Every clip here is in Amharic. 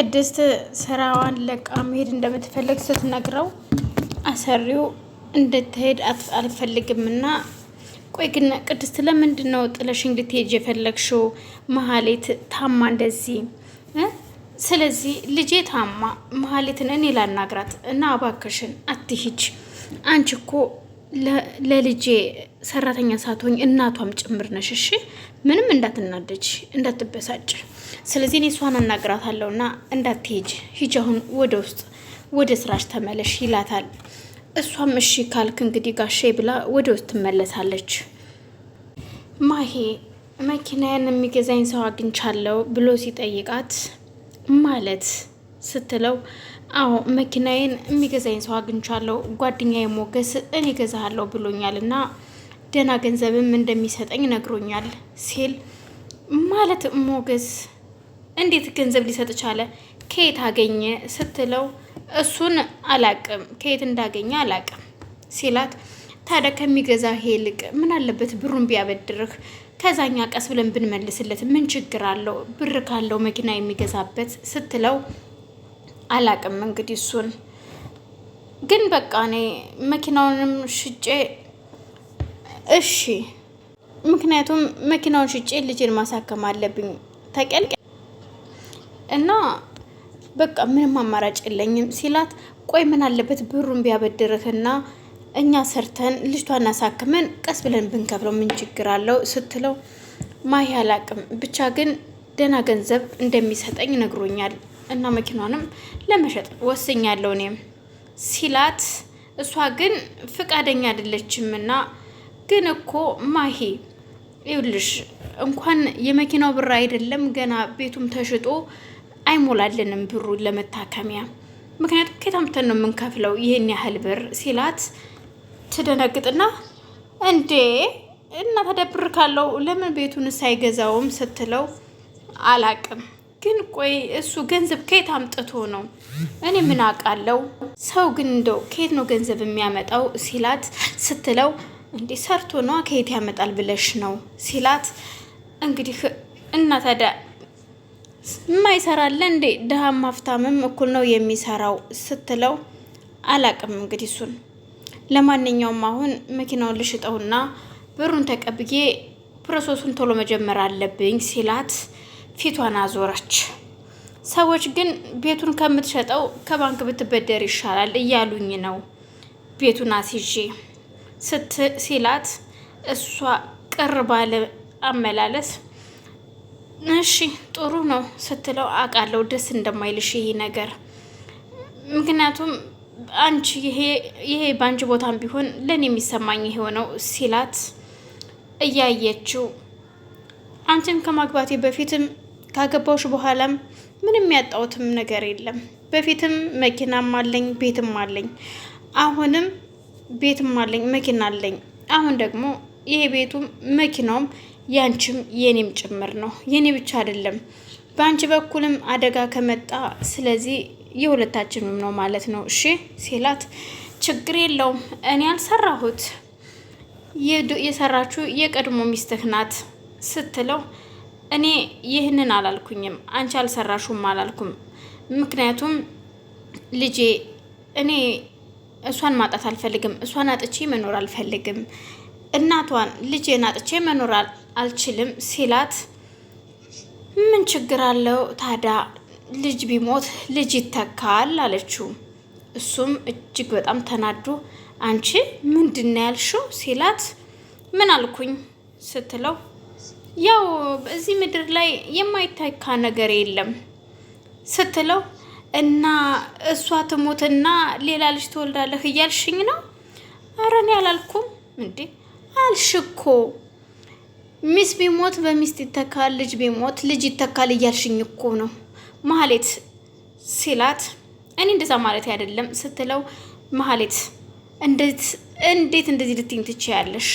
ቅድስት ስራዋን ለቃ መሄድ እንደምትፈልግ ስትነግረው አሰሪው እንድትሄድ አልፈልግም እና ቆይ ግን ቅድስት ለምንድን ነው ጥለሽ እንድትሄጅ የፈለግሽው? መሀሌት ታማ እንደዚህ ስለዚህ ልጄ ታማ መሀሌትን እኔ ላናግራት እና አባክሽን አትሂጅ። አንቺ እኮ ለልጄ ሰራተኛ ሳትሆኝ እናቷም ጭምር ነሽ። እሺ ምንም እንዳትናደጅ፣ እንዳትበሳጭ ስለዚህ እኔ እሷን አናግራታለሁ እና እንዳትሄጅ ሂጅ አሁን ወደ ውስጥ ወደ ስራሽ ተመለሽ ይላታል። እሷም እሺ ካልክ እንግዲህ ጋሼ ብላ ወደ ውስጥ ትመለሳለች። ማሄ መኪናዬን የሚገዛኝ ሰው አግኝቻለሁ ብሎ ሲጠይቃት ማለት ስትለው አዎ መኪናዬን የሚገዛኝ ሰው አግኝቻለሁ፣ ጓደኛዬ ሞገስ እኔ እገዛሃለሁ ብሎኛል እና ደህና ገንዘብም እንደሚሰጠኝ ነግሮኛል ሲል ማለት ሞገስ እንዴት ገንዘብ ሊሰጥ ቻለ? ከየት አገኘ ስትለው እሱን አላቅም፣ ከየት እንዳገኘ አላቅም ሲላት፣ ታዲያ ከሚገዛ ይልቅ ምን አለበት ብሩን ቢያበድርህ ከዛኛ ቀስ ብለን ብንመልስለት ምን ችግር አለው? ብር ካለው መኪና የሚገዛበት ስትለው አላቅም እንግዲህ እሱን ግን በቃ እኔ መኪናውንም ሽጬ እሺ፣ ምክንያቱም መኪናውን ሽጬ ልጅን ማሳከም አለብኝ። ተቀልቀ እና በቃ ምንም አማራጭ የለኝም ሲላት፣ ቆይ ምን አለበት ብሩን ቢያበድርህና እኛ ሰርተን ልጅቷን አሳክመን ቀስ ብለን ብንከፍለው ምን ችግር አለው ስትለው፣ ማይ አላቅም ብቻ ግን ደህና ገንዘብ እንደሚሰጠኝ ነግሮኛል እና መኪናንም ለመሸጥ ወስኛለሁ እኔም ሲላት፣ እሷ ግን ፍቃደኛ አይደለችም እና ግን እኮ ማሂ ይውልሽ እንኳን የመኪናው ብር አይደለም ገና ቤቱም ተሽጦ አይሞላልንም ብሩ ለመታከሚያ ምክንያቱም ከታምተን ነው የምንከፍለው ይህን ያህል ብር ሲላት ትደነግጥና እንዴ እና ተደብር ካለው ለምን ቤቱንስ አይገዛውም ስትለው አላቅም ግን ቆይ እሱ ገንዘብ ከየት አምጥቶ ነው? እኔ ምን አውቃለሁ። ሰው ግን እንደው ከየት ነው ገንዘብ የሚያመጣው ሲላት ስትለው እንዴ ሰርቶ ነዋ ከየት ያመጣል ብለሽ ነው ሲላት እንግዲህ እና ታዲያ የማይሰራለ እንዴ ድሃም ሀብታምም እኩል ነው የሚሰራው ስትለው አላቅም እንግዲህ እሱን ለማንኛውም አሁን መኪናውን ልሽጠውና ብሩን ተቀብዬ ፕሮሰሱን ቶሎ መጀመር አለብኝ ሲላት ፊቷን አዞረች። ሰዎች ግን ቤቱን ከምትሸጠው ከባንክ ብትበደር ይሻላል እያሉኝ ነው ቤቱን አስይዤ ስት ሲላት እሷ ቅር ባለ አመላለስ እሺ ጥሩ ነው ስትለው አውቃለሁ ደስ እንደማይልሽ ይሄ ነገር ምክንያቱም አንቺ ይሄ በአንቺ ቦታም ቢሆን ለእኔ የሚሰማኝ የሆነው ሲላት እያየችው አንቺን ከማግባቴ በፊትም ካገባሁሽ በኋላም ምንም ያጣሁትም ነገር የለም። በፊትም መኪናም አለኝ ቤትም አለኝ። አሁንም ቤትም አለኝ መኪና አለኝ። አሁን ደግሞ ይሄ ቤቱም መኪናውም ያንቺም የኔም ጭምር ነው። የኔ ብቻ አይደለም፣ በአንቺ በኩልም አደጋ ከመጣ ስለዚህ የሁለታችንም ነው ማለት ነው። እሺ ሲላት ችግር የለውም እኔ አልሰራሁት የሰራችሁ የቀድሞ ሚስትህ ናት ስትለው እኔ ይህንን አላልኩኝም፣ አንቺ አልሰራሹም አላልኩም። ምክንያቱም ልጄ እኔ እሷን ማጣት አልፈልግም፣ እሷን አጥቼ መኖር አልፈልግም። እናቷን ልጄን አጥቼ መኖር አልችልም ሲላት ምን ችግር አለው ታዳ ልጅ ቢሞት ልጅ ይተካል አለችው። እሱም እጅግ በጣም ተናዱ አንቺ ምንድን ነው ያልሽው ሲላት ምን አልኩኝ ስትለው ያው በዚህ ምድር ላይ የማይተካ ነገር የለም ስትለው እና እሷ ትሞትና ሌላ ልጅ ትወልዳለህ እያልሽኝ ነው? አረ እኔ አላልኩም እንዴ አልሽኮ ሚስ ቢሞት በሚስት ይተካል፣ ልጅ ቢሞት ልጅ ይተካል እያልሽኝ እኮ ነው መሀሌት ሲላት፣ እኔ እንደዛ ማለት አይደለም ስትለው፣ መሀሌት እንዴት እንዴት እንደዚህ ልትኝ ትችያለሽ?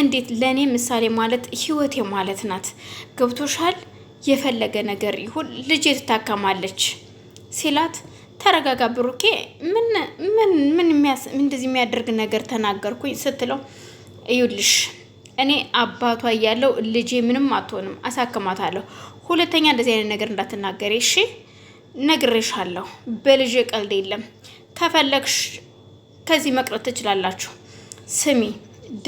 እንዴት ለእኔ ምሳሌ ማለት ህይወቴ ማለት ናት። ገብቶሻል? የፈለገ ነገር ይሁን ልጄ ትታከማለች ሲላት፣ ተረጋጋ ብሩኬ፣ ምን ምን ምን እንደዚህ የሚያደርግ ነገር ተናገርኩኝ ስትለው፣ እዩልሽ እኔ አባቷ እያለው ልጄ ምንም አትሆንም፣ አሳክማታለሁ። ሁለተኛ እንደዚህ አይነት ነገር እንዳትናገሪ እሺ? ነግሬሻለሁ። በልጄ ቀልድ የለም። ከፈለግሽ ከዚህ መቅረት ትችላላችሁ። ስሚ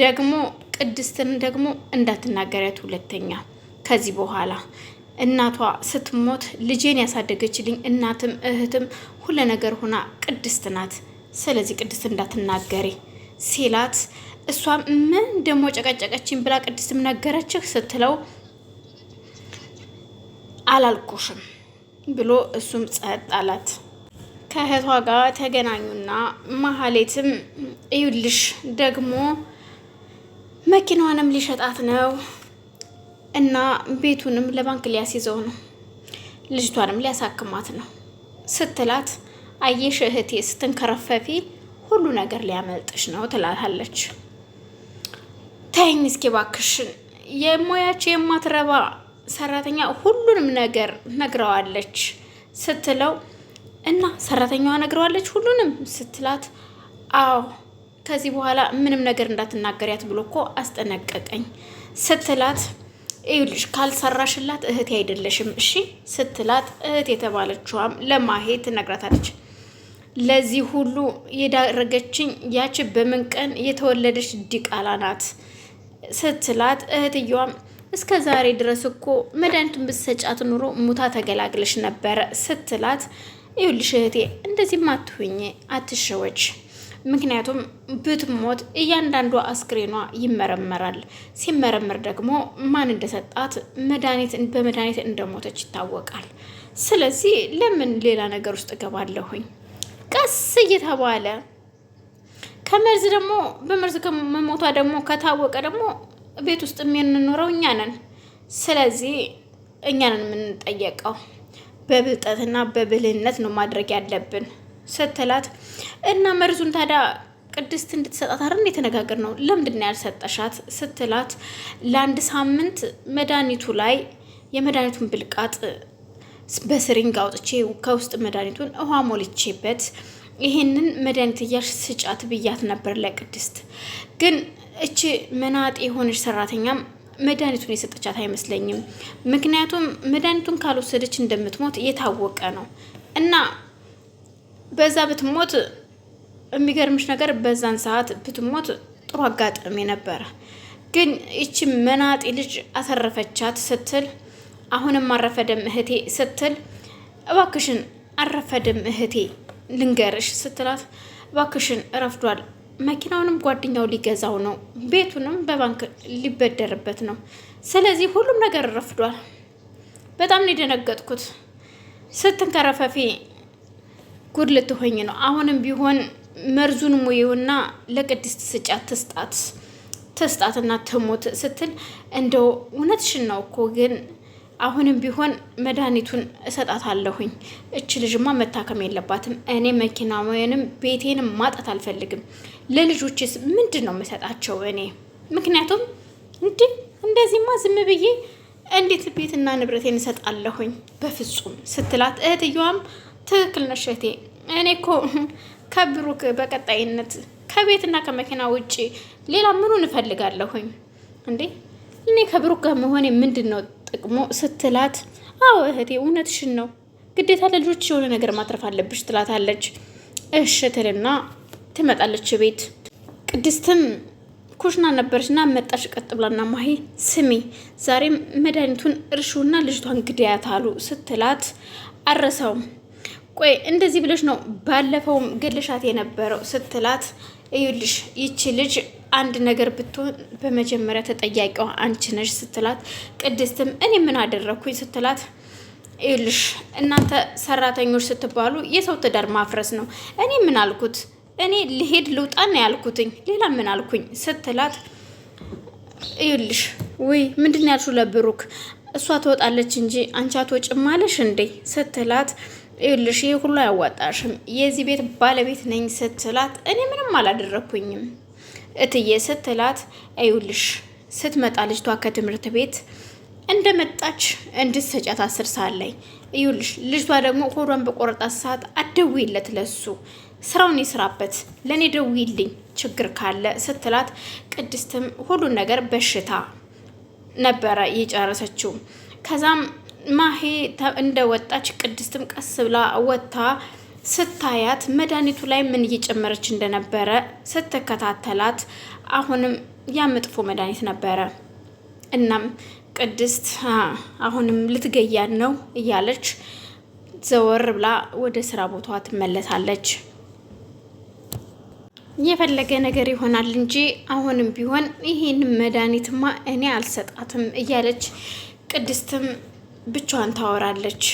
ደግሞ ቅድስትን ደግሞ እንዳትናገሪያት ሁለተኛ ከዚህ በኋላ እናቷ ስትሞት ልጄን ያሳደገችልኝ እናትም እህትም ሁለ ነገር ሆና ቅድስት ናት። ስለዚህ ቅድስት እንዳትናገሪ ሲላት እሷም ምን ደግሞ ጨቀጨቀችን ብላ ቅድስትም ነገረችህ ስትለው አላልኩሽም ብሎ እሱም ጸጥ አላት። ከእህቷ ጋር ተገናኙና መሀሌትም እዩልሽ ደግሞ መኪናዋንም ሊሸጣት ነው እና ቤቱንም ለባንክ ሊያስይዘው ነው፣ ልጅቷንም ሊያሳክማት ነው ስትላት አየሽ እህቴ ስትንከረፈፊ ሁሉ ነገር ሊያመልጥሽ ነው ትላታለች። ታይኝ እስኪ ባክሽን የሙያቸው የማትረባ ሰራተኛ ሁሉንም ነገር ነግረዋለች ስትለው እና ሰራተኛዋ ነግረዋለች ሁሉንም ስትላት፣ አዎ ከዚህ በኋላ ምንም ነገር እንዳትናገሪያት ብሎ እኮ አስጠነቀቀኝ ስትላት፣ ይኸውልሽ ካልሰራሽላት እህቴ አይደለሽም እሺ ስትላት፣ እህት የተባለችዋም ለማሄድ ትነግራታለች። ለዚህ ሁሉ የዳረገችኝ ያች በምን ቀን የተወለደች ዲቃላ ናት ስትላት እህትየዋም እስከ ዛሬ ድረስ እኮ መድኃኒቱን ብትሰጫት ኑሮ ሙታ ተገላግለሽ ነበረ ስትላት፣ ይኸውልሽ እህቴ እንደዚህም አትሁኝ፣ አትሸወች። ምክንያቱም ብትሞት እያንዳንዱ አስክሬኗ ይመረመራል። ሲመረመር ደግሞ ማን እንደሰጣት መድኃኒት በመድኃኒት እንደሞተች ይታወቃል። ስለዚህ ለምን ሌላ ነገር ውስጥ እገባለሁኝ? ቀስ እየተባለ ከመርዝ ደግሞ በመርዝ ከመሞቷ ደግሞ ከታወቀ ደግሞ ቤት ውስጥ የምንኖረው እኛ ነን። ስለዚህ እኛ ነን የምንጠየቀው። በብልጠትና በብልህነት ነው ማድረግ ያለብን ስትላት እና መርዙን ታዲያ ቅድስት እንድትሰጣት የተነጋገር ነው ለምንድን ያልሰጠሻት? ስትላት ለአንድ ሳምንት መድኃኒቱ ላይ የመድኃኒቱን ብልቃጥ በስሪንግ አውጥቼ ከውስጥ መድኃኒቱን ውሃ ሞልቼበት ይሄንን መድኃኒት እያሽ ስጫት ብያት ነበር ለቅድስት። ግን እቺ መናጤ የሆነች ሰራተኛም መድኃኒቱን የሰጠቻት አይመስለኝም። ምክንያቱም መድኃኒቱን ካልወሰደች እንደምትሞት የታወቀ ነው እና በዛ ብትሞት የሚገርምሽ ነገር በዛን ሰዓት ብትሞት ጥሩ አጋጣሚ ነበረ። ግን ይቺ መናጤ ልጅ አተረፈቻት ስትል አሁንም አረፈደም እህቴ ስትል እባክሽን አረፈደም እህቴ ልንገርሽ ስትላት ባክሽን ረፍዷል፣ መኪናውንም ጓደኛው ሊገዛው ነው፣ ቤቱንም በባንክ ሊበደርበት ነው። ስለዚህ ሁሉም ነገር ረፍዷል። በጣም ነው የደነገጥኩት። ስትንከረፈፊ ጉድ ልትሆኝ ነው። አሁንም ቢሆን መርዙን ሙየውና ለቅድስት ስጫት ትስጣት ትስጣትና ትሞት ስትል እንደው እውነትሽን ነው እኮ ግን አሁንም ቢሆን መድኃኒቱን እሰጣታለሁኝ። እች ልጅማ መታከም የለባትም። እኔ መኪና ወይንም ቤቴንም ማጣት አልፈልግም። ለልጆችስ ምንድን ነው የምሰጣቸው እኔ? ምክንያቱም እንዲህ እንደዚህማ ዝም ብዬ እንዴት ቤትና ንብረቴን እሰጣለሁኝ? በፍጹም ስትላት፣ እህትየዋም ትክክል ነሽ እህቴ፣ እኔ እኮ ከብሩክ በቀጣይነት ከቤትና ከመኪና ውጭ ሌላ ምኑን እፈልጋለሁኝ እንዴ? እኔ ከብሩክ ጋር መሆኔ ምንድን ነው ጥቅሞ ስትላት፣ አዎ እህቴ እውነትሽን ነው፣ ግዴታ ለልጆች የሆነ ነገር ማትረፍ አለብሽ ትላታለች። እሽ ትልና ትመጣለች ቤት። ቅድስትም ኩሽና ነበረች እና መጣች። ቀጥ ብላና ማሄ ስሚ፣ ዛሬም መድኃኒቱን እርሹና ልጅቷን ግድያት አሉ ስትላት፣ አረሰውም ቆይ እንደዚህ ብለሽ ነው ባለፈውም ገለሻት የነበረው ስትላት፣ እዩልሽ ይቺ ልጅ አንድ ነገር ብትሆን በመጀመሪያ ተጠያቂዋ አንቺ ነሽ ስትላት፣ ቅድስትም እኔ ምን አደረግኩኝ ስትላት ይልሽ እናንተ ሰራተኞች ስትባሉ የሰው ትዳር ማፍረስ ነው። እኔ ምን አልኩት? እኔ ልሄድ ልውጣ ነው ያልኩትኝ። ሌላ ምን አልኩኝ ስትላት፣ ይልሽ ውይ ምንድን ያልሹ ለብሩክ? እሷ ትወጣለች እንጂ አንቺ አትወጭም አለሽ እንዴ ስትላት፣ ይልሽ ይህ ሁሉ አያዋጣሽም፣ የዚህ ቤት ባለቤት ነኝ ስትላት፣ እኔ ምንም አላደረግኩኝም እትዬ ስትላት እዩልሽ ስትመጣ ልጅቷ ከትምህርት ቤት እንደመጣች እንድትሰጫት አስር ሰዓት ላይ እዩልሽ። ልጅቷ ደግሞ ሆዷን በቆረጣት ሰዓት አትደውይለት፣ ለሱ ስራውን ይስራበት፣ ለእኔ ደውይልኝ ችግር ካለ ስትላት፣ ቅድስትም ሁሉን ነገር በሽታ ነበረ የጨረሰችው። ከዛም ማሄ እንደወጣች ቅድስትም ቀስ ብላ ወጥታ ስታያት መድኃኒቱ ላይ ምን እየጨመረች እንደነበረ ስትከታተላት አሁንም ያ መጥፎ መድኃኒት ነበረ። እናም ቅድስት አሁንም ልትገያን ነው እያለች ዘወር ብላ ወደ ስራ ቦታዋ ትመለሳለች። የፈለገ ነገር ይሆናል እንጂ አሁንም ቢሆን ይህን መድኃኒትማ እኔ አልሰጣትም እያለች ቅድስትም ብቻዋን ታወራለች።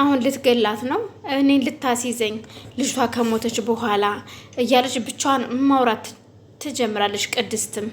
አሁን ልትገላት ነው፣ እኔ ልታስይዘኝ ልጅቷ ከሞተች በኋላ እያለች ብቻዋን ማውራት ትጀምራለች ቅድስትም